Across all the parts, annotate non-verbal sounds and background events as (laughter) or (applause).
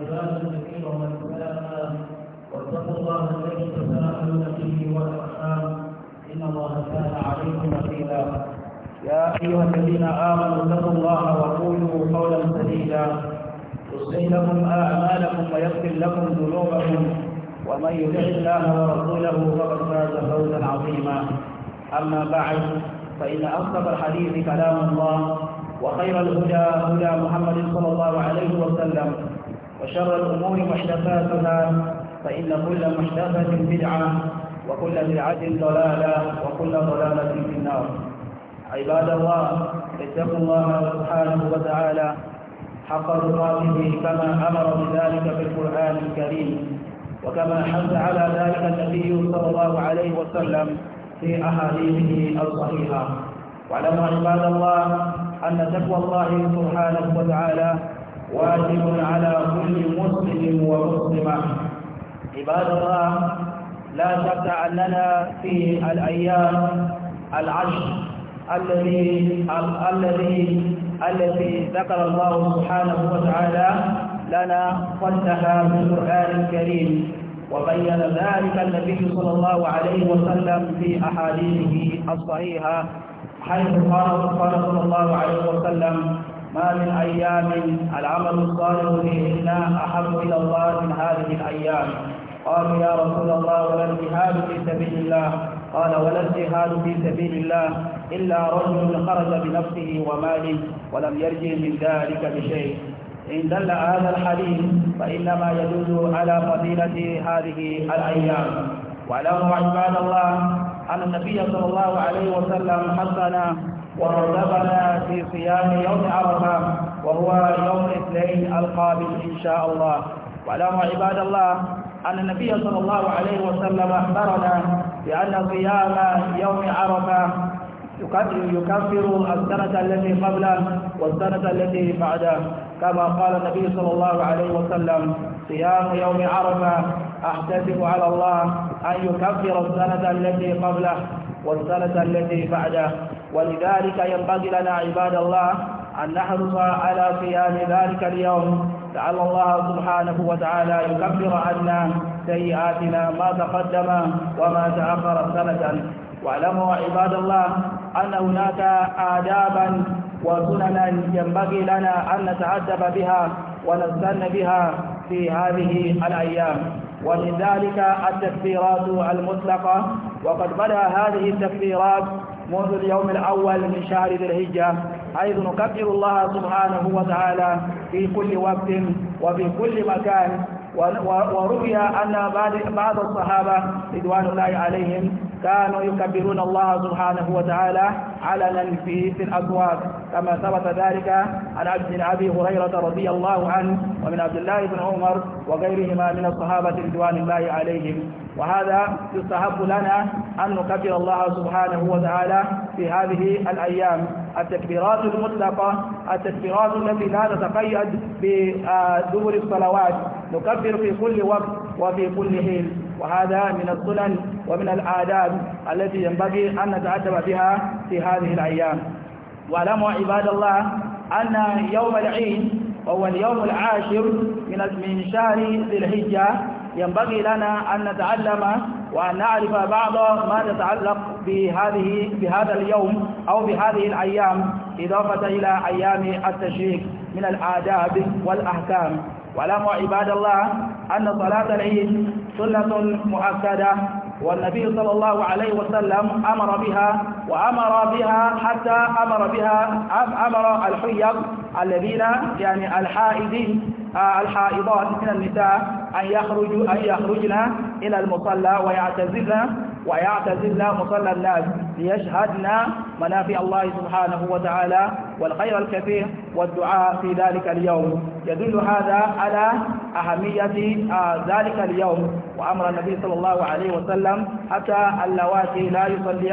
يا ايها الذين امنوا اتقوا الله وقولوا قولا سديدا يصلح لكم اعمالكم ويغفر لكم ذنوبكم ومن يطع الله ورسوله فقد فاز فوزا عظيما اما بعد فان اصدق الحديث كلام الله وخير الهدى هدى محمد صلى الله عليه وسلم وشر الأمور محدثاتها فإن كل محدثة بدعة وكل بدعة ضلالة وكل ضلالة في النار عباد الله اتقوا الله سبحانه وتعالى حق تقاته كما أمر بذلك في القرآن الكريم وكما حث على ذلك النبي صلى الله عليه وسلم في أحاديثه الصحيحة واعلموا عباد الله أن تقوى الله سبحانه وتعالى واجب على كل مسلم ومسلمة عباد الله لا شك أننا في الأيام العشر الذي الذي التي ذكر الله سبحانه وتعالى لنا فضلها في القرآن الكريم وبين ذلك النبي صلى الله عليه وسلم في أحاديثه الصحيحة حيث قال صلى الله عليه وسلم ما من أيام العمل الصالح فيهن أحب إلى الله من هذه الأيام قالوا يا رسول الله ولا الجهاد في سبيل الله قال ولا الجهاد في سبيل الله إلا رجل خرج بنفسه وماله ولم يرجع من ذلك بشيء إن دل هذا الحديث فإنما يدل على فضيلة هذه الأيام وعلموا عباد الله أن النبي صلى الله عليه وسلم حسن وبلغنا في صيام يوم عرفة وهو يوم الاثنين القابل إن شاء الله واعلموا عباد الله أن النبي صلى الله عليه وسلم أخبرنا بأن صيام يوم عرفة يكفر السنة التي قبله والسنة التي بعده كما قال النبي صلى الله عليه وسلم صيام يوم عرفة أحتسب على الله أن يكفر السنة التي قبله والسنة التي بعده ولذلك ينبغي لنا عباد الله أن نحرص على صيام ذلك اليوم لعل الله سبحانه وتعالى يكفر عنا سيئاتنا ما تقدم وما تأخر سنة واعلموا عباد الله أن هناك آدابا وسننا ينبغي لنا أن نتعذب بها ونستن بها في هذه الأيام ومن ذلك التكفيرات المطلقة وقد بدأ هذه التكفيرات منذ اليوم الأول من شهر ذي الهجة حيث نكبر الله سبحانه وتعالى في كل وقت وفي كل مكان ورؤيا أن بعض الصحابة رضوان الله عليهم كانوا يكبرون الله سبحانه وتعالى علنا في في الأسواق كما ثبت ذلك عن عبد بن أبي هريرة رضي الله عنه ومن عبد الله بن عمر وغيرهما من الصحابة رضوان الله عليهم وهذا يستحب لنا أن نكبر الله سبحانه وتعالى في هذه الأيام التكبيرات المطلقة التكبيرات التي لا تتقيد بدور الصلوات نكبر في كل وقت وفي كل حين وهذا من السنن ومن الآداب التي ينبغي أن نتعتب بها في هذه الأيام واعلموا عباد الله أن يوم العيد وهو اليوم العاشر من من شهر ذي الحجة ينبغي لنا أن نتعلم وأن نعرف بعض ما يتعلق بهذه بهذا اليوم أو بهذه الأيام إضافة إلى أيام التشريك من الآداب والأحكام واعلموا عباد الله أن صلاة العيد سنة مؤكدة والنبي صلى الله عليه وسلم أمر بها وأمر بها حتى أمر بها أمر الحيض الذين يعني الحائدين آه، الحائضات من النساء أن يخرجوا أن يخرجن إلى المصلى ويعتزلن ويعتزلن مصلى الناس ليشهدن منافع الله سبحانه وتعالى والخير الكثير والدعاء في ذلك اليوم يدل هذا على أهمية آه، ذلك اليوم وأمر النبي صلى الله عليه وسلم حتى اللواتي لا يصلين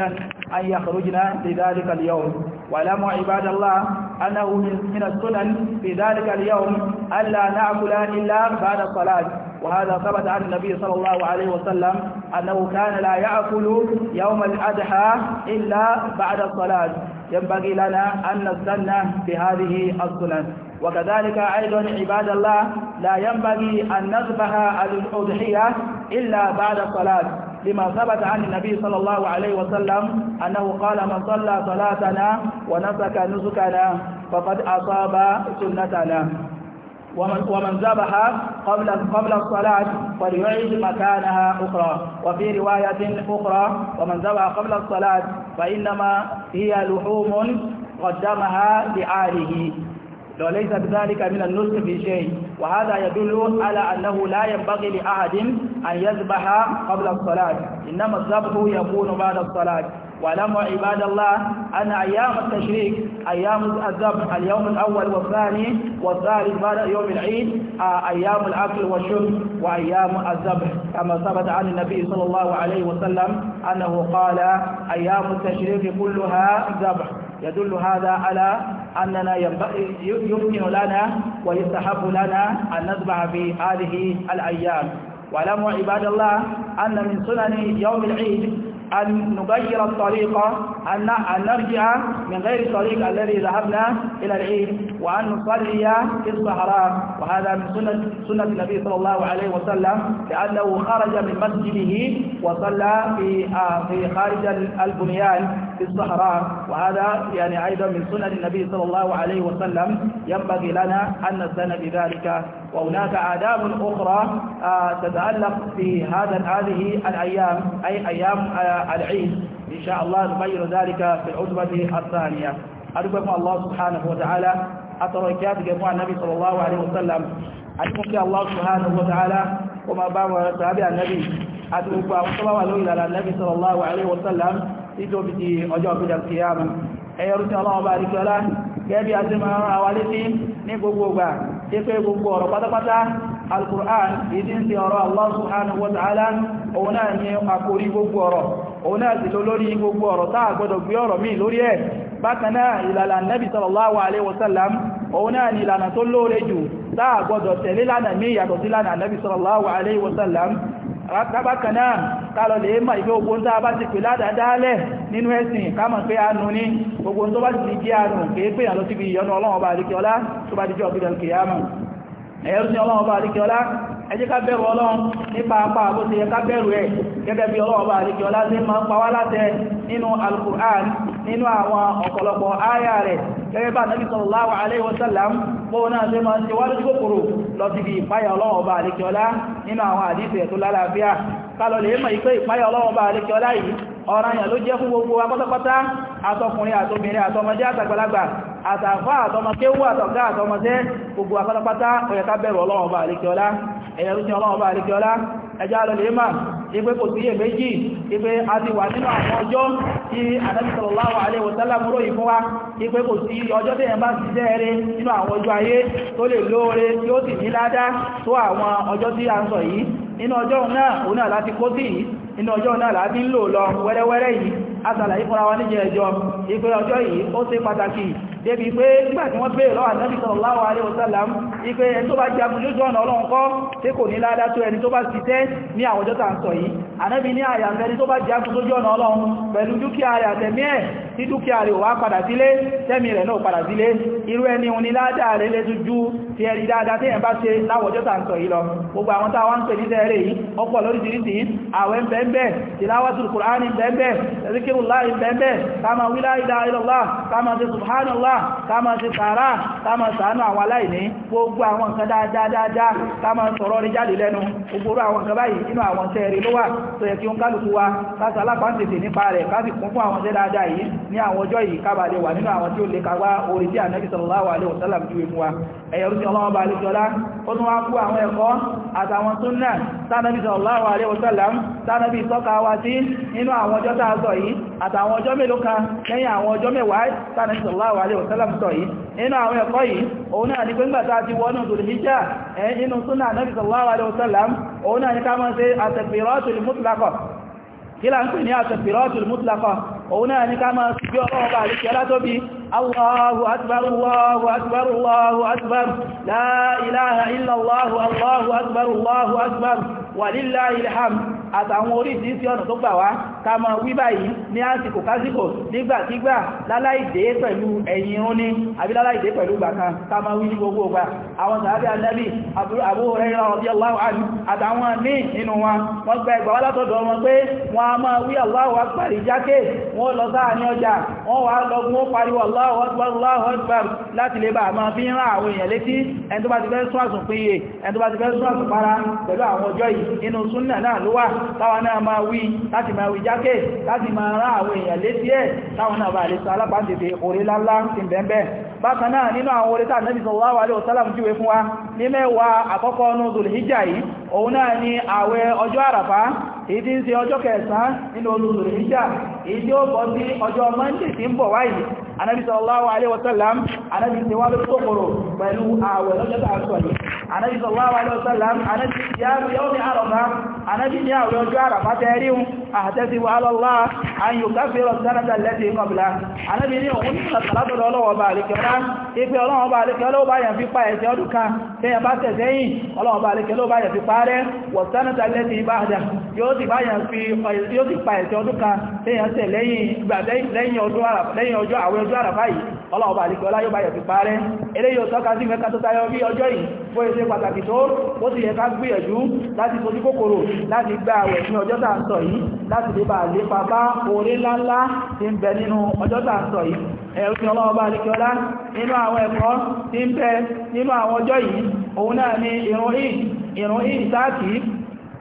أن يخرجن لذلك اليوم واعلموا عباد الله أنه من السنن في ذلك اليوم ألا نأكل إلا بعد الصلاة وهذا ثبت عن النبي صلى الله عليه وسلم أنه كان لا يأكل يوم الأضحى إلا بعد الصلاة ينبغي لنا أن نستنى بهذه السنن وكذلك أيضا عباد الله لا ينبغي أن نذبح الأضحية إلا بعد الصلاة لما ثبت عن النبي صلى الله عليه وسلم أنه قال من صلى صلاتنا ونسك نسكنا فقد أصاب سنتنا ومن ومن ذبح قبل قبل الصلاة فليعيد مكانها أخرى وفي رواية أخرى ومن ذبح قبل الصلاة فإنما هي لحوم قدمها لآله وليس بذلك من النسك في شيء وهذا يدل على أنه لا ينبغي لأحد أن يذبح قبل الصلاة إنما الذبح يكون بعد الصلاة ولم عباد الله أن أيام التشريك أيام الذبح اليوم الأول والثاني والثالث بعد يوم العيد آه، أيام الأكل والشرب وأيام الذبح كما ثبت عن النبي صلى الله عليه وسلم أنه قال أيام التشريك كلها ذبح يدل هذا على أننا ينبغي يمكن لنا ويستحب لنا أن نتبع في هذه الأيام ولم عباد الله أن من سنن يوم العيد أن نغير الطريقة أن نرجع من غير الطريق الذي ذهبنا إلى العيد وأن نصلي في الصحراء وهذا من سنة, سنة النبي صلى الله عليه وسلم لأنه خرج من مسجده وصلى في آه، في خارج البنيان في الصحراء وهذا يعني أيضا من سنن النبي صلى الله عليه وسلم ينبغي لنا أن نستنى بذلك وهناك آداب أخرى آه، تتعلق في هذا هذه الأيام أي أيام آه، العيد إن شاء الله نبين ذلك في العتبة الثانية أرجوكم الله سبحانه وتعالى atọrọ ìkẹ́ àtìgẹ́ fún anábì sallallahu alaihi wasallam àdínkù kí Allah subhanahu wa ta'ala ó máa bá wọn sàábì anábì àti gbogbo àwọn tó bá wà lórí ìlànà anábì sallallahu alaihi wasallam títí ó fi di ọjọ́ ìpínlẹ̀ kìyàmù ẹ̀yọ́ rúti ọlọ́wọ́ bá àríkọ́lá gẹ́bí a ti máa rán àwa létí ní òun náà sì lọ lórí gbogbo ọ̀rọ̀ táà gbọdọ̀ gbé ọ̀rọ̀ míì lórí ẹ̀ bákanáà ìlànà nẹ́bì sallallahu alaihi wasallam òun náà ni ìlànà tó lóore jù táà gbọdọ̀ tẹ̀lé lánàá míì yàtọ̀ sí lánàá nẹ́bì sallallahu alaihi wasallam bákanáà kálọ̀ lè mọ̀ ìfẹ́ ogun tó bá ti pè ládàádáálẹ̀ nínú ẹ̀sìn kámọ̀ pé àánú ní gbogbo tó bá ti ẹ jẹ́ ká bẹ̀rù ọlọ́run nípa apá bó ṣe yẹ ká bẹ̀rù ẹ̀ gẹ́gẹ́ bí ọlọ́ọ̀bá àríkẹ́ ọlá ṣe máa ń pa wá láṣẹ nínú al-Qur'an nínú àwọn ọ̀pọ̀lọpọ̀ áyà rẹ̀ gẹ́gẹ́ bá nàbí sallallahu alaihi wasallam bó náà ṣe máa ń ṣe wájú kòkòrò lọ ọ̀ranyàn ló jẹ́ fún gbogbo wa pátápátá àtọkùnrin àtobìnrin àtọmọdé àtàgbàlagbà àtàfà àtọmọkéwú àtọ̀gá àtọmọdé gbogbo wa pátápátá ó yẹ ká bẹ̀rù ọlọ́run ọba àríkíọlá ẹ̀yẹ̀rú sí ọlọ́run ọba àríkíọlá ẹjá lọ ìgbé kò sí èméjì ìgbé a ti wà nínú àwọn ọjọ́ tí Ànábì sallallahu alaihi wa fún wa ìgbé kò sí ọjọ́ tí ẹ̀yàn bá ti nínú àwọn ọjọ́ ayé tó lè lóore tí ó sì ní ládá tó àwọn ọjọ́ tí a ń sọ yìí nínú ọjọ́ náà òun náà láti kó sí yìí nínú ọjọ́ náà láti ń lò lọ wẹ́rẹ́wẹ́rẹ́ yìí asàlà ìfúnra wa níjẹ ẹjọ́ ìpé ọjọ́ yìí ó ṣe pàtàkì débi pé nígbà tí wọ́n béèrè lọ́wọ́ ànábì sallallahu alaihi wasallam ìpé ẹni tó bá jagun lójú ọ̀nà ọlọ́run kọ́ tí kò ní ládá tó ẹni tó bá ṣiṣẹ́ ní àwọn ọjọ́ tàà sọ yìí ànábì ní àyàfẹ́ ẹni tó bá jagun lójú ọ̀nà ọlọ́run pẹ̀lú dúkìá rẹ̀ àtẹ̀mí ẹ̀ tí dúkìá rẹ̀ wá padà sílé tẹ́mì rẹ̀ náà padà sílé irú ẹni òun ni ládàá rẹ̀ lẹ́tú ju ti ẹ̀rí dáadáa tí ẹ̀ bá ṣe láwọ̀jọ́ tàà sọ yìí lọ gbogbo àwọn táwa ń pè ní tẹ́ẹ̀rẹ̀ yìí ọ̀pọ̀ lóríṣiríṣi àwẹ̀ ń bẹ́ẹ̀ láì bẹ́ẹ̀bẹ́ káàmà wí la ilaha illallah káàmà sí subhanallah káàmà sí sàárà káàmà sàánú àwọn aláìní gbogbo àwọn nǹkan dáadáa káàmà sọ̀rọ̀ ní jáde lẹ́nu gbogbo àwọn nǹkan báyìí inú àwọn tẹ́ẹ̀rí ló wà tó yẹ kí ó ń kálukú wa káàsà alápáǹtètè nípa rẹ̀ káàsì kún fún àwọn tẹ́ dáadáa yìí ní àwọn ọjọ́ yìí kábà lè wà nínú àwọn tí ó lè kawá orí tí ànábì sallallahu alaihi wasallam júwe fún wa ẹ̀yẹ̀rú sí ọlọ́wọ́ bá alẹ́sọ́lá ó tún wá kú àwọn ẹ̀kọ́ àtàwọn súnnà tánàbì sallallahu alaihi wasallam tánàbì tọ́ka wa sí nínú àwọn ọjọ́ tààzọ̀ yìí àtàwọn ọjọ́ mélòó kan lẹ́yìn àwọn ọjọ́ mẹ́wàá tánàbí sallallahu alaihi yìí nínú àwọn ẹ̀kọ́ yìí òun náà ni pé ńgbà ti wọnú dùlùmíjà inú súnà àtàwọn orí ìdí sí ọ̀nà tó gbà wá ká máa wí báyìí ní àsìkò kásìkò nígbàkígbà láláìdé pẹ̀lú ẹ̀yìn irun ní àbí láláìdé pẹ̀lú gbàkà ká máa wí ní gbogbo ọgbà àwọn sàábí alẹ́bí Abu Hurairah radiyallahu anhu àtàwọn ní nínú wọn wọ́n gba ẹgbà wá látọ̀dọ̀ wọn pé wọ́n a máa wí Allahu akbar jákè wọ́n lọ sáà ní ọjà wọ́n wá lọ́gbọ́n ó pariwo Allahu akbar Allahu akbar láti lè bá àmà fi ń rán àwọn èèyàn létí ké láti máa rán àwọn èèyàn létí ẹ̀ táwọn náà bá lè sọ alábàáṣẹ́fẹ́ orí láńlá ti bẹ̀ẹ̀bẹ̀ bákan náà nínú àwọn orí tàà nẹ́bí sallallahu alaihi wasallam jíwe fún wa ní mẹ́wàá àkọ́kọ́ ọ̀nà dhul yìí òun náà ni anábi sallallahu alaihi wasallam anábi ti wá ló tókòrò pẹ̀lú àwẹ̀ lọ́jọ́ tá a sọ yìí anábi sallallahu alaihi wasallam anábi yàrù yóò ní àrọ̀fà anábi ní àwẹ̀ ọjọ́ àràfà tẹ́ríun àtẹ́sí wa alọ́lá ayò káfíìrọ̀ sánàtà lẹ́sí kọbìlá anábi ní òun ní ọjọ́ àràfá yìí ọlọ́ọ̀bà àríkẹ́ ọlá yóò bá yẹ̀ fi parẹ́ eléyìí ọ̀tọ́ka sí mẹ́ta tó tayọ bí ọjọ́ yìí fún ẹsẹ́ pàtàkì tó ó sì yẹ ká gbìyànjú láti fojú kòkòrò láti gba àwẹ̀ ní ọjọ́ tà ń sọ yìí láti lè bá lè pàpá orí ńláńlá tí ń bẹ nínú ọjọ́ tà ń sọ yìí ọlọ́ọ̀bá àríkẹ́ ọlá nínú àwọn ẹ̀kọ́ tí ń bẹ nínú àwọn ọjọ́ yìí òun náà ni ìrún ìrún ìsáàkì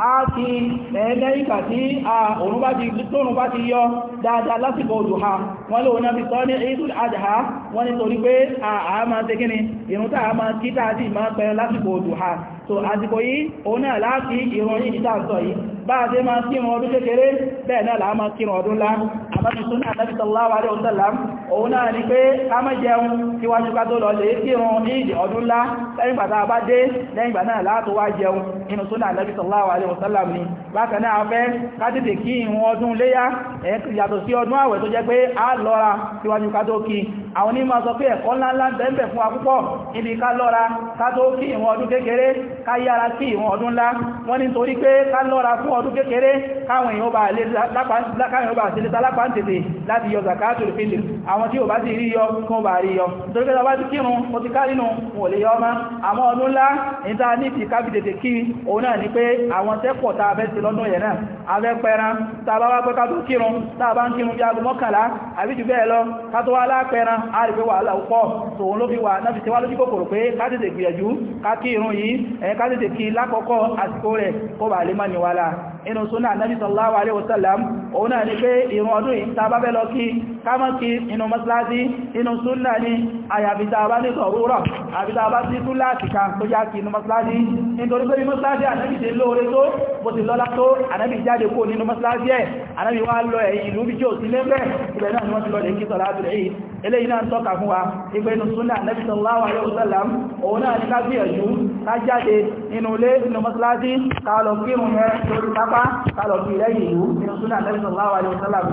a ti ẹ̀ẹ́lẹ́ ìgbà tí a òun bá ti tóòrùn bá ti yọ dáadáa lásìkò òdùhá wọ́n lè òun náà fi sọ ní Eidul Adha wọ́n ni torí pé a máa ń ṣe kíni ìrúntà a máa kí tààdì máa pẹ̀rẹ lásìkò ha so àsìkò yìí òun náà láti ìrun yìí ìdá sọ yìí bá a ṣe máa kírun ọdún kékeré bẹ́ẹ̀ náà láà máa kírun ọdún lá àmọ́bí súnà Ànábì sallallahu alaihi wasallam òun náà ni pé ká má jẹun síwájú ká tó lọ lè kírun ìdí ọdún lá lẹ́yìn gbà náà bá dé lẹ́yìn gbà náà láàtò wá àwọn onímọ̀ sọ pé ẹ̀kọ́ ńláńlá bẹ̀ẹ̀bẹ̀ fún akúpọ̀ níbi ká lọ́ra ká tó kí ìwọ̀n ọdún kékeré ká yára sí ìwọ̀n ọdún ńlá wọ́n ní torí pé ká lọ́ra fún ọdún kékeré káwọn èèyàn bá lè lápá ń tètè láti yọ zakatul fitr àwọn tí ò bá ti rí yọ kún ni pé àwọn tẹ́pọ̀ tá a fẹ́ ti lọ́dún yẹn náà a a bá wá pẹ́ ká tó bẹ́ẹ̀ lọ ká tó a rí pé wàhálà pọ̀ tó òun ló fi wà náà fi tẹwà lójú kòkòrò pé kátètè gbìyànjú ká kí irun yìí ẹ̀ kátètè kí lákọ̀ọ́kọ́ àsìkò rẹ̀ kó bà lè má ní wàhálà inú súnà Ànábì sallallahu alaihi wasallam òun náà ni pé ìrun ọdún yìí tá bá fẹ́ lọ kí kámọ́kí inú mọ́sálásí inú súnà ni àyàfi tá bá ní sọ̀rọ̀ àbí tá bá sí túláàtì kan tó já kí inú mọ́sálásí nítorí pé mọ́sálásí Ànábì lóore tó bó ti lọ́lá tó Ànábì jáde kó nínú mọ́sálásí ẹ̀ Ànábì wá lọ ẹ̀yìn ìlú bí tí sí lẹ́gbẹ̀ẹ́ ibẹ̀ náà ni wọ́n ti lọ lè kí salatul Eid eléyìí náà tọ́ka fún wa ipé inú súnà Ànábì sallallahu alaihi wasallam òun náà ni ká gbìyànjú ká jáde inú ilé inú mọ́sálásí ká lọ kírun yẹn lórí apá kálọ̀ bí lẹ́yìn ìlú nínú súnà nẹ́bìtì láwà alẹ́ òsálàm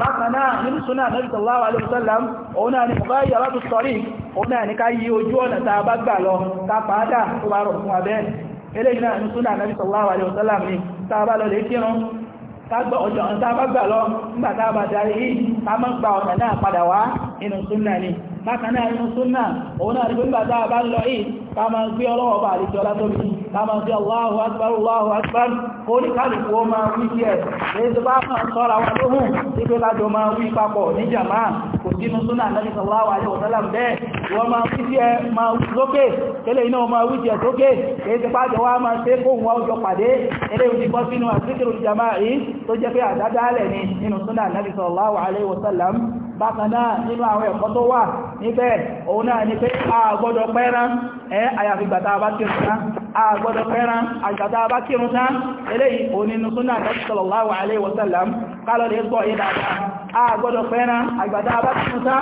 bákan náà nínú súnà nẹ́bìtì láwà alẹ́ òsálàm òun náà ni bá yàrá tó sọ́rí òun náà ni ká yí ojú ọ̀nà tá a bá gbà lọ ká pàádà tó bá rọ̀ fún abẹ́ eléyìí náà nínú súnà nẹ́bìtì láwà alẹ́ òsálàm ni tá a bá lọ lè kírun tágbà ọjọ́ ọ̀tàbà gbà lọ nígbà tá a bá darí yìí ká mọ́ gba ọ̀nà náà padà wá inú súnnà ni bákan inú súnnà òun náà rí pé bá lọ yìí ká mọ́ gbé ọlọ́wọ́ bá àríkẹ́ ọlá káàmà sí Allahu Akbar Allahu Akbar kó ní kálùkù ó máa wí sí ẹ̀ èyí tó bá máa sọ́ra wa lóhùn tí pé lájọ máa wí papọ̀ ní jàmá kò sínú súnà Nabi sallallahu alaihi wasallam bẹ́ẹ̀ wọ́n máa wí sí ẹ máa wí sókè tẹ́lẹ̀ iná máa wí sí ẹ sókè èyí tó pàjọ wá Nabi sallallahu bákan náà nínú àwọn ẹ̀kọ́ tó wà níbẹ̀ òun náà ni pé a gbọ́dọ̀ pẹ́ran ẹ́ àyàfi gbàtà bá kírun tán a gbọ́dọ̀ pẹ́ran àgbàtà bá kírun tán eléyìí òun nínú súnà sallallahu alaihi wasallam kálọ̀ lè gbọ́ yìí dáadáa a gbọ́dọ̀ pẹ́ran àgbàtà bá kírun tán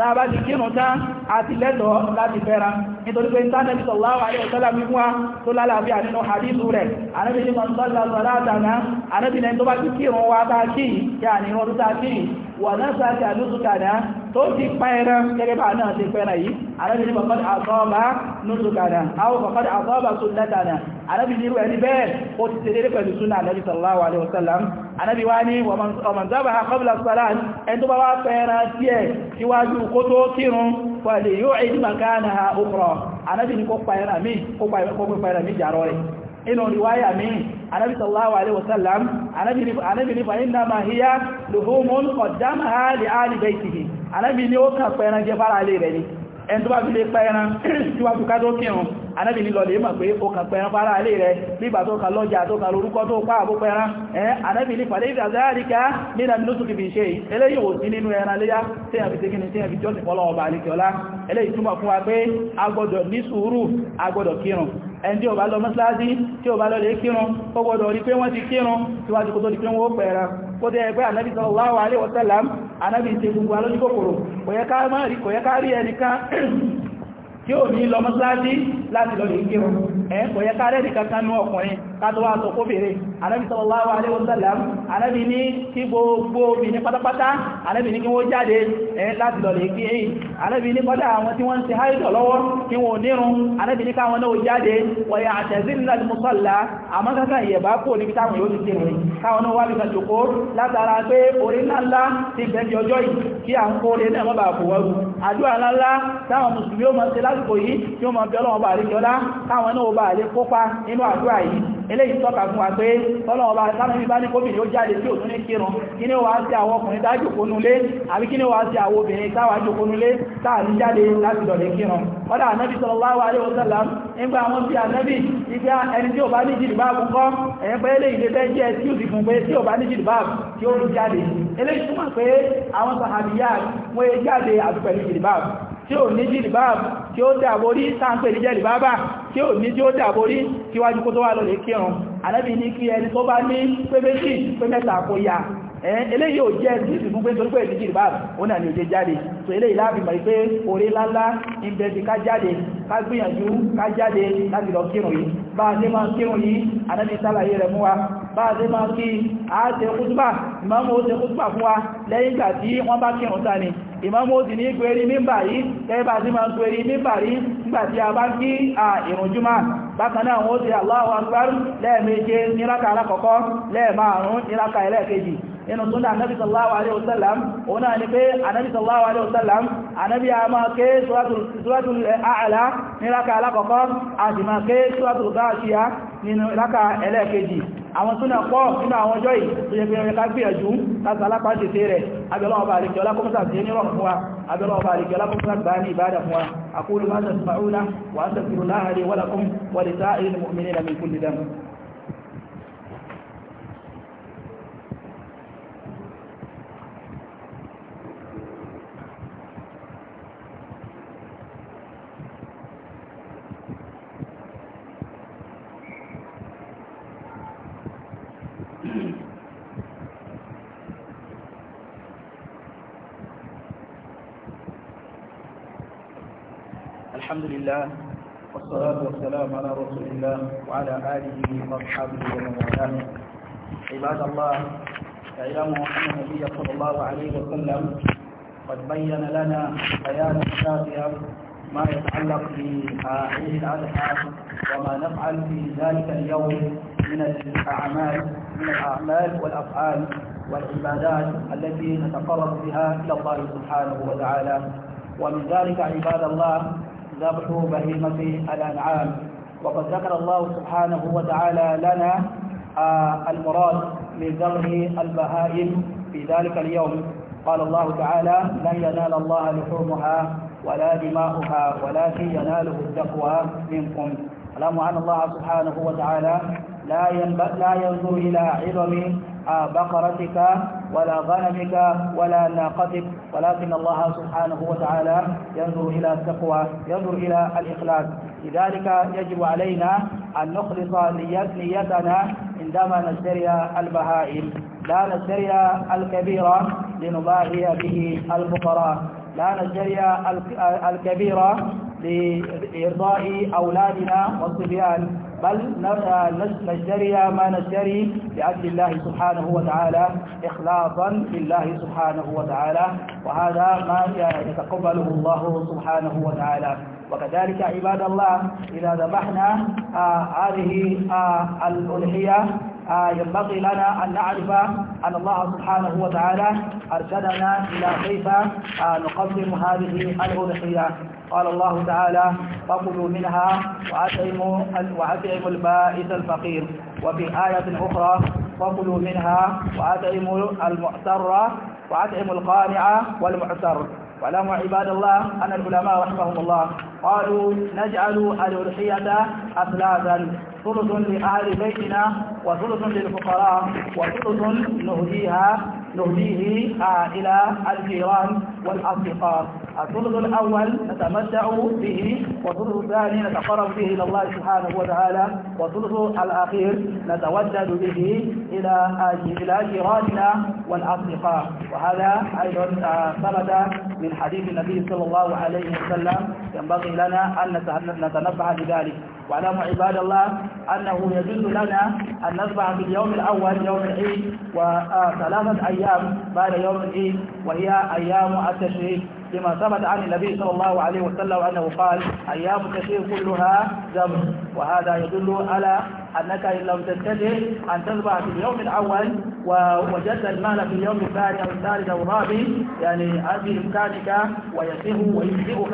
tàbá ti kírùn tán àti lẹ́tọ̀ọ́ láti fẹ́ra nítorí pé ìtànẹ́bí sallallahu alaihi wasallam wá tó lálàáfíà nínú hadithu rẹ̀ anábìnrin mọ̀ sọ́lá sọ́lá àtàná anábìnrin tó bá ti kírùn wá tá kí yà ní ọdún tá kí wà náà sáàkì àlúsùkà náà tó ti pẹ́ẹ̀rẹ́ gẹ́gẹ́ bá náà ti pẹ́ẹ̀rẹ́ yìí arábìnrin bàbáde àtọ́ọ̀bá lúsùkà náà àwọn bàbáde àtọ́ọ̀bá sunnata náà arábìnrin rẹ̀ ní bẹ́ẹ̀ ó ti tẹ̀lé pẹ̀lú súnà alábi sallallahu alaihi wasallam anábi wá ní ọmọ zábà ha qabla salat ẹni tó bá wá pẹ́ẹ̀rẹ́ díẹ̀ síwájú kó tó kírun pẹ̀lú yóò ẹni makanaha ukhra anábi ní kó pẹ́ẹ̀rẹ́ mi nínú riwaya mi anábi sallallahu alaihi wasallam anábi ní fa'inna ma hiya luhumun qaddamaha li ali baitihi anábi ní ó kà pẹ̀rẹ̀ jẹ́ fara alẹ́ rẹ̀ ni ẹni tó bá fi lè pẹ́ ẹran tí wá tukà tó kírùn anábì ní lọlẹ̀ mọ̀ pé ó kà pẹ́ ẹran fara alé rẹ̀ nígbà tó kà lọ́jà tó kà lórúkọ tó pàà bó pẹ́ran ẹ́ anábì ní pàdé ìdàzáríkà nínà lóṣùkì fi ṣe eléyìí a fi ṣe a fi jọ́sìn fọ́lọ́ọ̀bà àríkẹ́ọlá eléyìí túnmọ̀ fún wa pé a gbọ́dọ̀ ní sùúrù a gbọ́dọ̀ kírùn ẹni ó bá lọ mọ́sálásí tí ó bá lọ lè kírun ó gbọ́dọ̀ rí pé wọ́n ti kírun tí wájú kó tó di pé wọ́n pẹ̀ẹ̀rẹ̀ kó tẹ́ ẹgbẹ́ ànábì sallallahu alaihi wasallam ànábì ṣe gbogbo alójúkòkòrò kò yẹ ká rí ẹnìkan (clears throat) tí ò ní lọ mọ́sálásí láti lọ lè gẹ́rùn ẹ̀ kò yẹ ká rẹ́ ọkùnrin ká tó anábì sallallahu alaihi wasallam anábì ní kí gbogbo obìnrin pátápátá anábì ní kí wọ́n jáde láti lọ lè kí èyí anábì ní kọ́dá àwọn tí wọ́n ń ṣe háìdọ̀ lọ́wọ́ kí wọ́n nírun anábì ní káwọn náà jáde wọ̀yà àtẹ̀sílẹ̀ mùsọ̀lá àmọ́ kankan ìyẹ̀bá kò níbi táwọn yóò ti ṣe rẹ̀ káwọn náà wá bí kan jòkó látara pé orí ńláńlá ti bẹ̀ẹ̀bẹ̀ ọjọ́ yìí kí à ń kó orí náà mọ́bà kò wọ́rù eléyìí tọ́ka fún wa pé ọlọ́wọ́ bá sáàmì bá ní kóbìnrin ó jáde tí ò tún ní kírun kí ní wàá sí àwọn ọkùnrin tá jòkónúlé àbí kí ní wàá sí àwọn obìnrin táwà jòkónúlé táà jáde láti dọ̀lẹ̀ kírun kọ́dà anábì sallallahu alaihi wasallam nígbà wọn bí anábì ìgbà ẹni tí ò bá ní jìdìbá kọ́ ẹ̀yẹn pé eléyìí lè fẹ́ jẹ́ tí ó sì fún pé tí ò bá ní jìdìbá tí ó jáde eléyìí tí ò ní jìlìbáàbù tí ó dàborí sáńpẹ̀ ní jẹ́lìbáàbà tí ò ní tí ó dàborí kí wájú kó tó wà lọ́lẹ̀ kírùn Ànábì ní kí ẹni tó bá ní pé méjì pé mẹ́ta kó yà eléyìí ò jẹ́ ìdíjì fún pé torípé ìdíjì ìbá òun náà ni ò jẹ jáde so eléyìí láàbì mọ̀ bá a ṣe máa kí a ṣe kútùbà ìmáàmù ó ṣe kútùbà fún wa lẹ́yìn ìgbà tí wọ́n bá kírun tani ìmáàmù ó ti ní gbérí mímbà yìí lẹ́yìn bá ti máa gbérí mímbà yìí nígbà tí a bá kí à ìrùnjúmà bákan náà wọ́n ti Allahu Akbar lẹ́ẹ̀méje níláka alákọ̀ọ́kọ́ lẹ́ẹ̀márùn-ún níláka ẹlẹ́ẹ̀kejì nínú tó náà anábi ni pé anábi sallallahu alaihi wasallam anábi a máa ké àwọn tó náà pọ̀ nínú àwọn ọjọ́ yìí tó yẹ pé ọyẹ ká gbìyànjú láti alápá tètè rẹ̀ abẹ́lọ́wọ́ bá àríkẹ́ ọlákọ́mọ́sà sí ní rọ̀fún wa abẹ́lọ́wọ́ bá àríkẹ́ الله والصلاة والسلام على رسول الله وعلى آله وأصحابه ومن والاه عباد الله اعلموا أن النبي صلى الله عليه وسلم قد بين لنا بيانا شافيا ما يتعلق بعيد الأضحى وما نفعل في ذلك اليوم من الأعمال من الأعمال والأفعال والعبادات التي نتقرب بها إلى الله سبحانه وتعالى ومن ذلك عباد الله ذبح بهيمة الأنعام وقد ذكر الله سبحانه وتعالى لنا آه، المراد لذبح البهائم في ذلك اليوم قال الله تعالى لن ينال الله لحومها ولا دماؤها ولكن يناله التقوى منكم كلام ان الله سبحانه وتعالى لا لا ينظر الى عظم آه، بقرتك ولا غنمك ولا ناقتك ولكن الله سبحانه وتعالى ينظر إلى التقوى ينظر إلى الإخلاص لذلك يجب علينا أن نخلص نيتنا عندما نشتري البهائم لا نشتري الكبيرة لنباهي به الفقراء لا نشتري الكبيرة لإرضاء أولادنا والصبيان بل نشتري ما نشتري لأجل الله سبحانه وتعالى إخلاصا لله سبحانه وتعالى وهذا ما يتقبله الله سبحانه وتعالى وكذلك عباد الله إذا ذبحنا آه، هذه آه، الألحية آه، ينبغي لنا أن نعرف أن الله سبحانه وتعالى أرشدنا إلى كيف آه، نقدم هذه الأضحية قال الله تعالى فكلوا منها وأتعموا وأطعموا البائس الفقير وفي آية أخرى فكلوا منها وأتعموا المعتر وأتعموا القانع والمعتر واعلموا عباد الله أن العلماء رحمهم الله قالوا نجعل الأضحية أثلاثا ثلث لأهل بيتنا وثلث للفقراء وثلث نهديها نهديه آه، إلى الجيران والأصدقاء الثلث الأول نتمتع به والثلث الثاني نتقرب به إلى الله سبحانه وتعالى والثلث الأخير نتودد به إلى إلى جيراننا والأصدقاء وهذا أيضا آه، ثبت من حديث النبي صلى الله عليه وسلم ينبغي لنا أن نتنبه بذلك وعلم عباد الله أنه يجوز لنا أن نتبع في اليوم الأول يوم العيد وثلاثة آه، أيام بعد يوم العيد وهي أيام التشريف لما ثبت عن النبي صلى الله عليه وسلم أنه قال أيام كثير كلها دم وهذا يدل على أنك إن لم تستطع أن تذبح في اليوم الأول ووجدت المال في اليوم الثاني أو الثالث أو الرابع يعني بإمكانك ويسر ويجزئك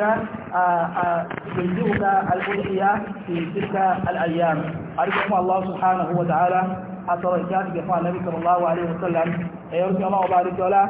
آه، آه، يجزئك الأضحية في تلك الأيام أرجوكم الله سبحانه وتعالى حتى الكاتب بإخوان النبي صلى الله عليه وسلم أيها الله وبارك الله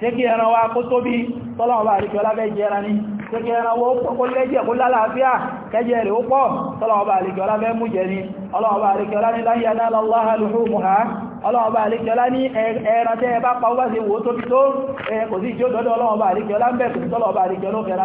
ṣé kí ẹran wa kó tóbi tọ́lọ́wọ́ bá àríkẹ́ ọlábẹ́ jẹ́ ẹran ní ṣé kí ẹran wo kó lẹ́jẹ̀ kó lálàáfíà kẹjẹ rẹ̀ ó pọ̀ tọ́lọ́wọ́ bá àríkẹ́ ọlábẹ́ mú jẹ ní ọlọ́wọ́ bá àríkẹ́ ọlá ní láyé aláàlọ́láhà lùhùmùhà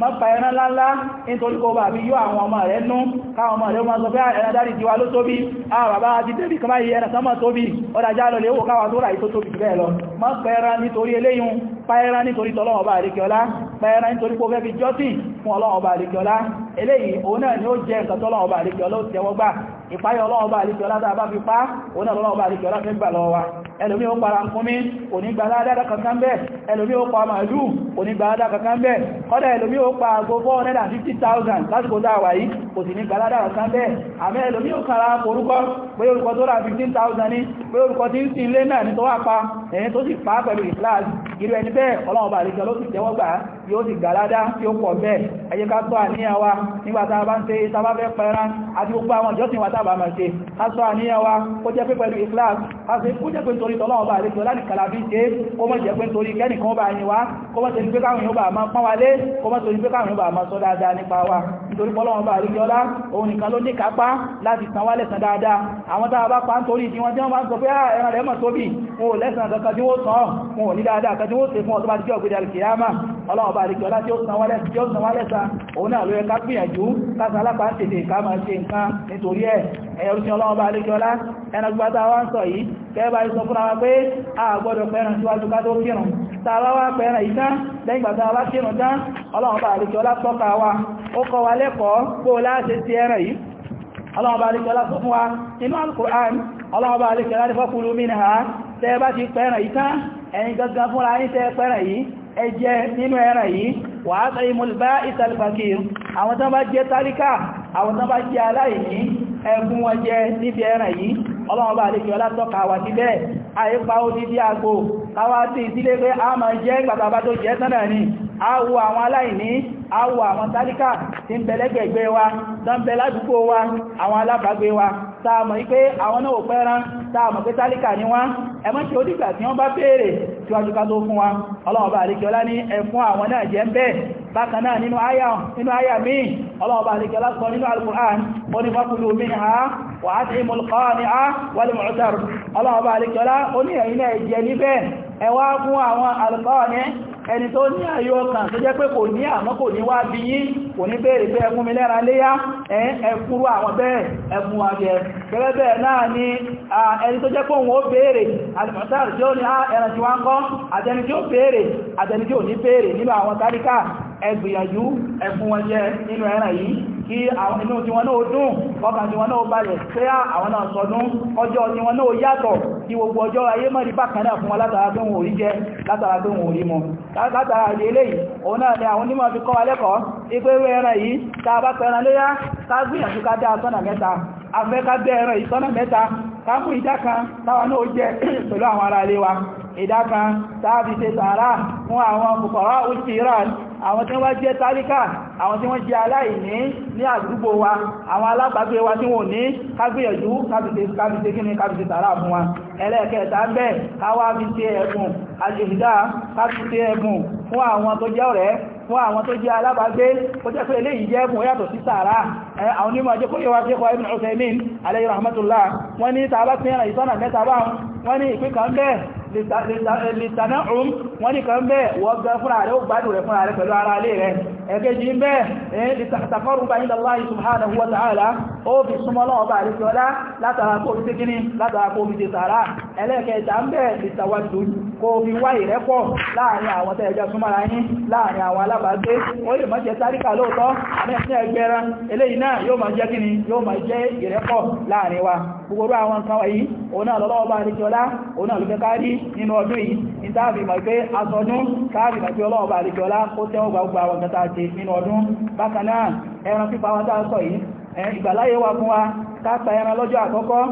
ma pa ẹran láńlá nítorí kó bá mi yóò àwọn ọmọ rẹ̀ nú káwọn ọmọ rẹ̀ wọ́n sọ pé ah, ẹran dárí tiwa ló tóbi àwọn ah, bàbá ti tẹ́bì kan báyìí ẹran sánmà tóbi ọdájá lọ lè wò káwà tó rà ìtó tóbi bẹ́ẹ̀ lọ ma pa ẹran nítorí eléyìn pa ẹran nítorí tọ́lọ́wọ́ ìpáyọ̀ ọlọ́ọ̀bá àríkẹ́ ọlá tàbá fi pá òun náà lọ́ọ̀bá àríkẹ́ ọlá fẹ́ gbà lọ́wọ́ wa ẹlòmí ó para nkúnmí onígbàládá kankan bẹ́ ẹlòmí ó pa màálù onígbàládá kankan bẹ́ kọ́dá ẹlòmí ó pa àgbò 450,000 lásìkò dáwà yìí kò sì nígbàládá kankan bẹ́ àmẹ́ ẹlòmí ó kàrà orúkọ pé orúkọ tó rà 15,000 ní pé orúkọ tí ń sin ilé náà ní tó wà pa ẹ̀yìn tó sì pa pẹ̀lú ìflas irú ẹni bẹ́ẹ̀ ọlọ́ọ̀bà àríkẹ́ ló sì tẹ́wọ́gbà yóò sì gàládá tí ó pọ̀ bẹ́ẹ̀ ayéká tó àníyàn wa nígbàtà bá ń ṣe ìsábá fẹ́ pẹ̀ran àti gbogbo àwọn ìjọsìn wàtà bá máa ṣe ká tó àníyàn wa kó jẹ́ pé pẹ̀lú islam kó jẹ́ pé nítorí tọ́lọ́wọ́ bá àlejò láti kàlàbí ṣe kó mọ́ jẹ́ pé nítorí kẹ́nìkan bá yìn wá kó mọ́ ṣe ní pé káwọn yóò bá máa pọ́n wa lé kó mọ́ ṣe ní pé káwọn yóò bá máa sọ dáadáa nípa wa nítorí jẹ́ wọ́n bá ń ọba àríkẹ́ láti ó san wálẹ̀ sa òun náà ló yẹ ká gbìyànjú láti alápá ń tètè ká máa ṣe nǹkan nítorí ẹ̀ ẹ̀yọrúsí ọlọ́ọba àríkẹ́ọlá ẹnagbàtà wá ń sọ yìí kẹ́ẹ̀bà ìsọ fúnra wa pé a gbọ́dọ̀ pẹ́ràn síwájú ká tó kírun tààrà wá pẹ̀rẹ̀ ìtá lẹ́gbàtà wá kírun tán ọlọ́ọ̀bà àríkẹ́ọlá tọ́ka wa ó kọ́ wa lẹ́kọ̀ọ́ bó láti ti ẹ̀rẹ̀ yìí ọlọ́ọ̀bà àríkẹ́ọlá sọ fún wa inú Al-Qur'an ọlọ́ọ̀bà àríkẹ́ọlá ní fakulu minha tẹ́ẹ̀bá ti pẹ̀rẹ̀ ìtá ẹ̀yìn gangan fúnra yìí tẹ́ẹ̀ pẹ̀rẹ̀ yìí ẹjẹ́ nínú ẹran yìí wà á tẹ́ ìmúlùbá ìtàlùfàkìr àwọn tán bá jẹ́ tálíkà àwọn tán bá jẹ́ aláìní ẹkùn wọn jẹ́ níbi ẹran yìí ọlọ́wọ́ bá lè fi ọlá tọ́ka wà sí bẹ́ẹ̀ àìpa ó ní bí àgbò káwà tí ń wa tán bẹ táàmọ̀ wípé àwọn náà pẹ́ rán táàmọ̀ pé tálíkà ní wọ́n ẹmọ́ tí ó dìgbà tí wọ́n bá béèrè tí wájú ká tó fún wa ọlọ́ọ̀bá àríkẹ́ọlá ní ẹ̀fún àwọn náà jẹ́ ń bẹ́ẹ̀ bákan náà nínú àyà míì ọlọ́ọ̀bá àríkẹ́ọlá sọ nínú Al-Qur'an ó ní fakulu minha wa at'imu al-qani'a wal-mu'tar ọlọ́ọ̀bá àríkẹ́ọlá ó ní ẹ̀yin náà jẹ níbẹ̀ ẹwà fún àwọn alùkọ́ ní ẹni tó ní ayọ̀ ọkàn tó jẹ́ pé kò ní àmọ́ kò ní wá bí yí kò ní bèèrè pé ẹkún mi lẹ́ra léyá ẹkúrú àwọn bẹ́ẹ̀ ẹkún àjẹ́ gẹ́gẹ́bẹ̀ náà ni ẹni tó jẹ́ pé òun ó bèèrè àtìmọ̀tàrí tí ó ní ẹran tí wá ń kọ́ àtẹni tí ó bèèrè àtẹni tí kí àwọn inú tí wọn náà dùn ọkà tí wọn náà balẹ̀ pé àwọn náà sọdún ọjọ́ tí wọn náà yàtọ̀ kí gbogbo ọjọ́ ayé mọ́rí bákan náà fún wọn látara pé wọn ò jẹ́ látara pé wọn ò látara ilé náà ni àwọn a (clears throat) ìdá kan tàbí ṣe sàárà fún àwọn kòkòrò òṣìíràn àwọn tí wọ́n jẹ́ tálíkà àwọn tí wọ́n jẹ́ aláìní ní àdúgbò wa àwọn alábàágbé wa tí wọ́n ní kágbìyànjú kábìtẹ̀ kíni kábìtẹ̀ tààrà fún wa ẹlẹ́ẹ̀kẹta ń bẹ káwà fi ṣe ẹ̀bùn àjèjìdá kábìtẹ̀ ẹ̀bùn fún àwọn tó jẹ́ ọ̀rẹ́ fún àwọn tó jẹ́ alábàágbé ó jẹ́ pé eléyìí jẹ́ mú yàtọ̀ sí sàárà àwọn onímọ̀ jẹ́ kó yíwa tí kọ́ ibn Uthaymin alayhi rahmatullah wọ́n ní tàbá fi ẹ̀rọ mẹ́ta báwọn wọ́n ní ìpín kan bẹ́ẹ̀ lìtànà eh, òun um, wọ́n ní kan bẹ́ẹ̀ wọ́n gan fúnra rẹ̀ ó gbádùn rẹ̀ fúnra rẹ̀ pẹ̀lú ara lè rẹ̀ ẹ̀kẹ́jì ń bẹ́ẹ̀ lìtàkọ́rùn bá nílọ láì subhanahu wa ta'ala ó fi súnmọ́ lọ́wọ́ bá àrísí ọlá látara kó fi tíkíní látara kó fi tètàrà ẹlẹ́ẹ̀kẹta ń bẹ́ẹ̀ lìtàwàdù kó fi wá ìrẹ́pọ̀ láàrin àwọn tẹ́ẹjọ súnmọ́ra yín láàrin àwọn alábàágbé ó lè máa jẹ táríkà lóòtọ́ àmẹ́sìn ẹgbẹ́ran eléyìí náà yóò máa jẹ́ kíni yóò máa jẹ́ ìrẹ́pọ̀ láàrin wa gbogbo àwọn nǹkan wọ̀nyí òun náà lọ́wọ́ bá àríkíọlá òun náà lùfẹ́ kárí nínú ọdún yìí ní táàbì mọ̀ pé asọdún káàrí mọ̀ pé ọlọ́wọ́ bá àríkíọlá ó tẹ́wọ́ gbàgbà àwọn kẹta àti nínú ọdún bákan náà ẹran pípa wọn táà sọ yìí ìgbàláyé wà fún wa kápa ẹran lọ́jọ́ àkọ́kọ́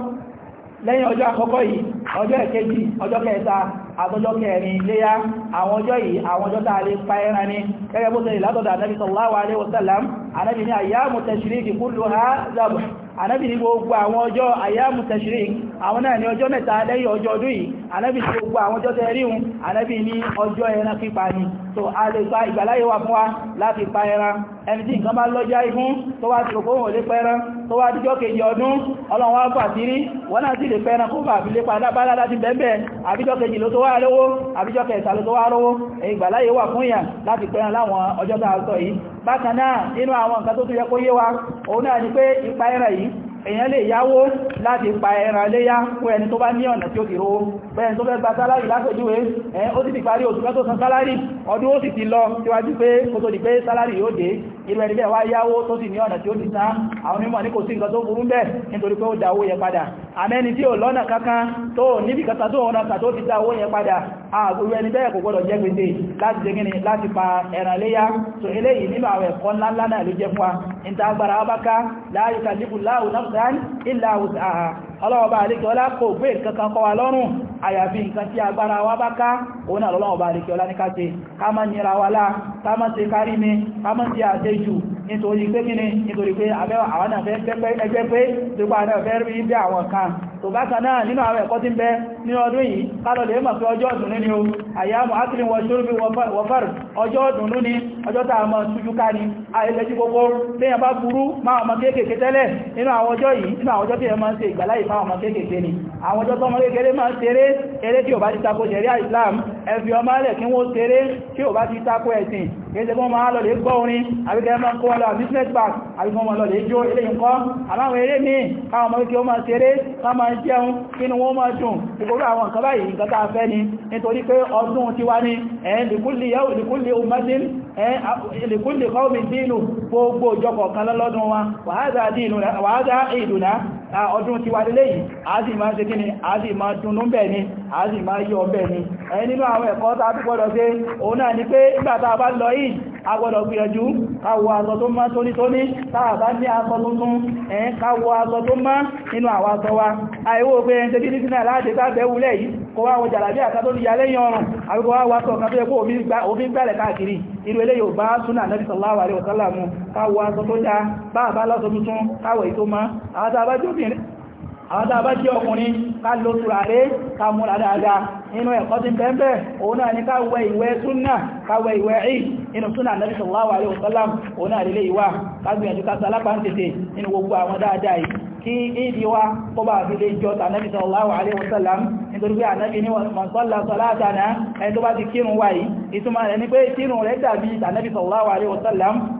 lẹ́yìn ọjọ́ àkọ́kọ́ yìí ọjọ́ ẹ̀kejì ọjọ́ kẹta àtọjọ́ kẹrin léyá àwọn ọjọ́ yìí àwọn ọjọ́ tàà lè pa ẹran ní gẹ́gẹ́ bó tẹ̀lẹ̀ látọ̀dà Nabi sallallahu alaihi wasallam Ànábì ní ayyamu tashriqi kulluha zabh ànábì ní gbogbo àwọn ọjọ́ àyàmù tashrik àwọn náà ni ọjọ́ mẹ́ta lẹ́yìn ọjọ́ ọdún yìí ànábì ní gbogbo àwọn ọjọ́ tẹ́ríhun ànábì ní ọjọ́ ẹran pípa ni so a lè gba ìgbàláyé wa fún wa láti pa ẹran ẹni tí nǹkan bá lọ́já igun tó wá ti rògbóhùn olè pẹ́ran tó wá díjọ́ kejì ọdún ọlọ́run wá fà sí rí wọ́n náà sì lè pẹ́ran kó bà fi lè padà bá láti bẹ́ẹ̀bẹ́ẹ̀ àbíjọ́ kejì ló tó wá lówó àbíjọ́ kẹta ló tó wá lówó ìgbàláyé wà fún yàn láti pẹ́ran láwọn ọjọ́ tá a sọ yìí bákan náà nínú àwọn nǹkan tó tún yẹ kó yé wa òun náà ni pé ipa ẹran yìí èèyàn lè yáwó láti pa ẹran léyá fún ẹni tó bá ní ọ̀nà tí ó ti rówó bẹ́ẹ̀ tó fẹ́ gba sálárì lásòjúwé ẹ̀ ó ti ti parí oṣù mẹ́tò san sálárì ọdún ó sì ti lọ síwájú pé kó tó di pé sálárì yóò dé irú ẹni bẹ́ẹ̀ wá yáwó tó sì ní ọ̀nà tí ó ti san àwọn onímọ̀ ní kò sí nǹkan tó burú bẹ́ẹ̀ nítorí pé ó da owó yẹn padà àmẹ́ni tí ò lọ́nà kankan tó níbi kata tó ọ̀nà kà tó ti da owó yẹn padà àgbèrú ẹni bẹ́ẹ̀ kò gbọdọ̀ jẹ́ gbèsè láti jẹ́ gíní láti pa ẹ̀ràn léyá tó eléyìí nínú àwọn ẹ̀kọ́ ńláńlá náà ló jẹ́ fún wa ìta agbára ọbáká bá àríkẹ́ ọlá kò gbé kankan àyàfi nǹkan tí agbára wa bá ká òun náà lọ́lọ́wọ́ bá lè kí ọlá ní káṣe ká má nira wa láà ká má ṣe kárí mi ká má ṣe àṣejù nítorí pé kíni nítorí pé àwọn náà fẹ́ ẹgbẹ́ pé tó bá kanáà nínú àwọn ẹ̀kọ́ tí ń bẹ nínú ọdún yìí kálọ̀ lè mọ̀ pé ọjọ́ ọdún ní o àyàmù ákìlín wọ ṣúrùbí wọfàr ọjọ́ ọdún ní ọjọ́ tàà mọ̀ ṣújú ká ní àìlẹ́jì gbogbo léyàn bá burú máa ọmọ kéèkèé tẹ́lẹ̀ nínú àwọn ọjọ́ yìí nínú àwọn ọjọ́ tí ẹ máa ń ṣe ìgbàláyì fáwọn ọmọ kéèkèé ni àwọn ọjọ́ tọ́mọ kékeré máa ń ṣeré eré tí ò bá ti tako ṣẹ̀ríà Islam ẹ̀fì ọmọ alẹ̀ kí wọ́n ṣeré tí ò bá ti tako ẹ̀sìn kéèṣe fún ọmọ alọ̀ lè gbọ́ orin àbíkẹ́ máa ń kó wọn lọ business park àbíkọ́ wọn lọ lè jó eléyìnkọ́ àmáwọn eré míì káwọn ọmọ kékeré máa ṣeré káwọn máa jẹun kínú wọ́n máa dùn ìgbòrò àwọn nǹkan báyìí nǹkan tàà fẹ́ ni nítorí pé ọdún tiwa ni ẹ̀yìn lìkúlì yẹ́ lèkúnlè kọ́wọ́mí dínú gbogbo ìjọkọ̀ kan lọ́dún wa wàhádá ìdùnà ọdún ti wà lélé yìí àti máa ṣe kíni àti máa dúnnú bẹ̀ ni àti máa yọ bẹ̀ ni ẹni nínú àwọn ẹ̀kọ́ tá tó òun náà ni pé bá lọ yìí a gbìyànjú káwọ aṣọ tó má tónítóní tààbá ní aṣọ tuntun káwọ aṣọ tó má nínú àwọn aṣọ wa àìwò pé ní sínà láti wulẹ̀ yìí wọ jàlàbí ní ọrùn kan tó yẹ irú eléyìí ò bá súnà Ànábì sallallahu alaihi wasallam káwọ aṣọ tó dá bá àbá lọ́sọ tuntun káwọ̀ ètò ma àwọn tàbá jẹ́ ọkùnrin ká lọ tùràrí ká múra dáadáa inú ẹ̀kọ́ ti bẹ́ẹ̀bẹ̀ òun náà ni káwẹ ìwẹ̀ súnà káwẹ ìwẹ̀ rí kí èdè wa kó bá fi lè jọ tànàbí sallallahu alaihi wasallam nítorí pé ànábì ní mọ̀sánlá sọ́látàná ẹni tó bá ti kírun wáyìí ìtumọ̀ rẹ̀ ní pé kírun rẹ̀ dàbí tànàbí sallallahu alaihi wasallam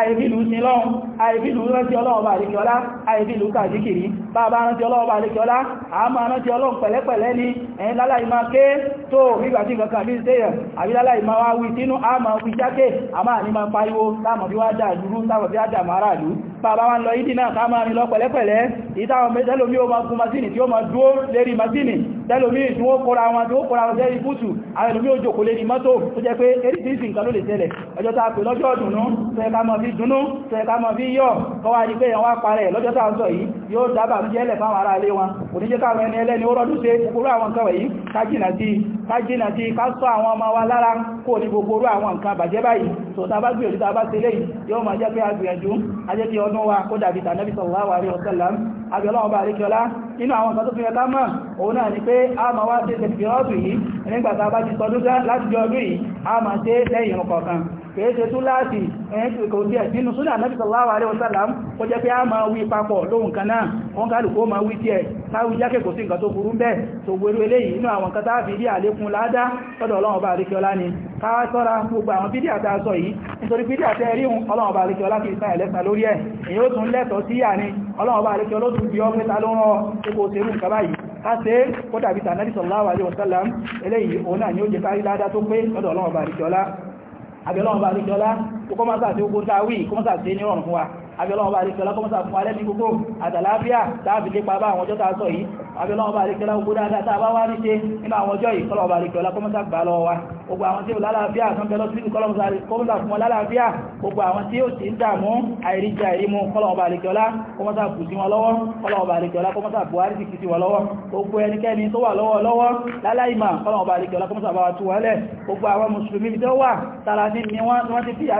àìbìlú sí lọ́run àìbìlú rántí ọlọ́run bá àríkẹ́ ọlá àìbìlú kàdíkìrí bàbá rántí ọlọ́ọ̀bà àlékiọlá a máa rántí ọlọ́run pẹ̀lẹ́pẹ̀lẹ́ ni ẹ̀yìn láláì máa ké tó nígbà tí nǹkan kàbí sẹ́yẹ̀ àbí láláì máa wá wí sínú a máa wí jákè a máa ní máa pariwo láàmọ̀ bí wá dáa dúró láàmọ̀ bí wá dáa máa ráàlú bàbá wa ń lọ ìdí náà ká máa rìn lọ pẹ̀lẹ́pẹ̀lẹ́ ìtàwọn mẹ́tẹ́lómí ó máa gun masíni tí ó máa dúó lérí masíni tẹ́lómí tí ó kóra wọn tí ó kóra wọn sẹ́rí kùtù àwọn ẹlòmí ó ìbànújẹ́ lẹ̀ fáwọn ará ilé wọn kò ní jẹ́ káwọn ẹni ẹlẹ́ni ó rọ́dún sí gbogbo àwọn nǹkan wọ̀nyí ká sí ká jìnà sí ká sọ àwọn ọmọ wa lára kó ní gbogbo orú àwọn nǹkan bàjẹ́ báyìí tó ta bá gbìyànjú ta bá ṣe léyìí yóò máa jẹ́ pé a gbìyànjú a jẹ́ kí ọdún wa kó dàbí tànàbí sallallahu alaihi wasallam abẹ́lọ́wọ́ bá àríkíọlá nínú àwọn nǹkan tó fi ẹka mọ̀ òun náà ni a máa wá sí tẹ̀síọ́ọ̀tù yìí nígbàtà bá ti sọdún láti jọ a máa ṣe lẹ́yìn ìrun kọ̀ọ̀kan kèése tún láti ẹ̀yìn kò tí ẹ̀ nínú súnà Nábì sallallahu alaihi wasallam kó jẹ́ pé a máa wí papọ̀ lóhùn kan náà wọ́n kálùkó máa wí tí táwí jákè kò sí nǹkan tó burú bẹ́ẹ̀ tó gbèrú eléyìí inú àwọn nǹkan táà fi rí àlékún ládá lọ́dọ̀ ọlọ́run bá àríkíọlá ni káwá sọ́ra gbogbo àwọn fídíà tá a sọ yìí nítorí fídíà tẹ́ rí ọlọ́run bá àríkíọlá fi ìsàn ni ọlọ́run bá àríkíọlá ó tún bí ọ́ mẹ́ta ló rán epo òṣèlú nǹkan báyìí ká alaihi wasallam eléyìí òun náà ni ó jẹ kárí ládá tó pé lọ́dọ̀ ọlọ́run bá àríkíọlá àbẹ̀lọ́run bá àríkíọlá kó kọ́ abẹ́lọ́wọ́ bá rí pẹ̀lú ọkọ̀ mọ́sà fún alẹ́ ní gbogbo àtàlàáfíà táàfi lépa bá àwọn ọjọ́ sọ yìí abẹ́lọ́wọ́ bá àríkẹ́lá ogun dáadáa tá a bá wá ní ṣe nínú àwọn ọjọ́ yìí kọ́lọ̀ bá àríkẹ́lá kọ́mọ́sá gbà lọ wa gbogbo àwọn tí ó lálàáfíà kan bẹ́lọ́ sí kọ́lọ̀mọ́sá fún wọn lálàáfíà gbogbo àwọn tí ó ti ń dààmú àìríjẹ àìrímu kọ́lọ̀ bá àríkẹ́lá kọ́mọ́sá kù sí wọn lọ́wọ́ kọ́lọ̀ bá àríkẹ́lá kọ́mọ́sá buhari sì kì sí wọn lọ́wọ́ gbogbo ẹnikẹ́ni tó wà lọ́wọ́ wa tú wọlẹ̀ gbogbo àwọn mùsùlùmí tó wà tara ní ni wọ́n tí wọ́n ti fìyà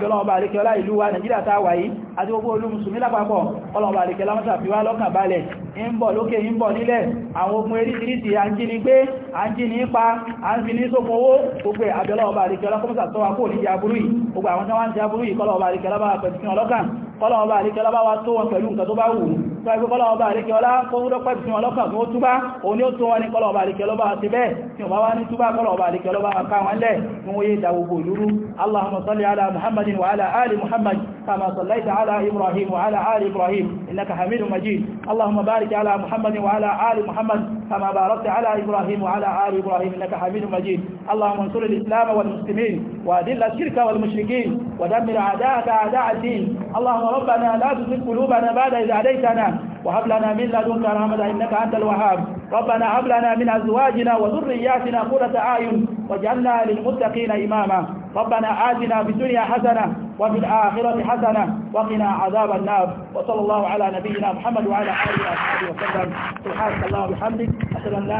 jẹ wọn ìlú wa nàìjíríà tá wà yìí àti gbogbo olú mùsùlùmí lápapọ̀ ọlọ́ọ̀bà àríkẹ́ lámọ́sà fi wá lọ́kàn balẹ̀ ń bọ̀ lókè ń bọ̀ nílẹ̀ àwọn ogun eríṣiríṣi à ń jí ní gbé à ń jí ní pa à ń fi ní sókun owó gbogbo àbẹ̀lọ́ọ̀bà àríkẹ́ ọlọ́kọ́mọ́sà tọ́wà kò ní jaburú yìí gbogbo àwọn tán wá ń jaburú yìí kọ́lọ̀ọ̀bà àríkẹ́ lábára pẹ̀lú sí ọlọ́kàn kọ́lọ̀ọ̀bà àríkẹ́ lábára tó wọn pẹ̀lú nǹkan tó bá wù tọ́gbẹ́ kọ́lọ̀ọ̀bà àríkẹ́ ọlá kó ń rọ́pẹ́ sí ọlọ́kàn tó túbá òun ni ó tó wọn ní kọ́lọ̀ọ̀bà كما صليت على إبراهيم وعلى آل إبراهيم إنك حميد مجيد اللهم بارك على محمد وعلى آل محمد كما باركت على إبراهيم وعلى آل إبراهيم إنك حميد مجيد اللهم انصر الإسلام والمسلمين وأذل الشرك والمشركين ودمر أعداءك أعداء الدين اللهم ربنا لا تزغ قلوبنا بعد إذ هديتنا وهب لنا من لدنك رحمة إنك أنت الوهاب ربنا هب لنا من أزواجنا وذرياتنا قرة أعين واجعلنا للمتقين إماما ربنا آتنا في الدنيا حسنة وفي الآخرة حسنة وقنا عذاب النار وصلى الله على نبينا محمد وعلى آله وصحبه وسلم سبحانك اللهم وبحمدك أشهد أن لا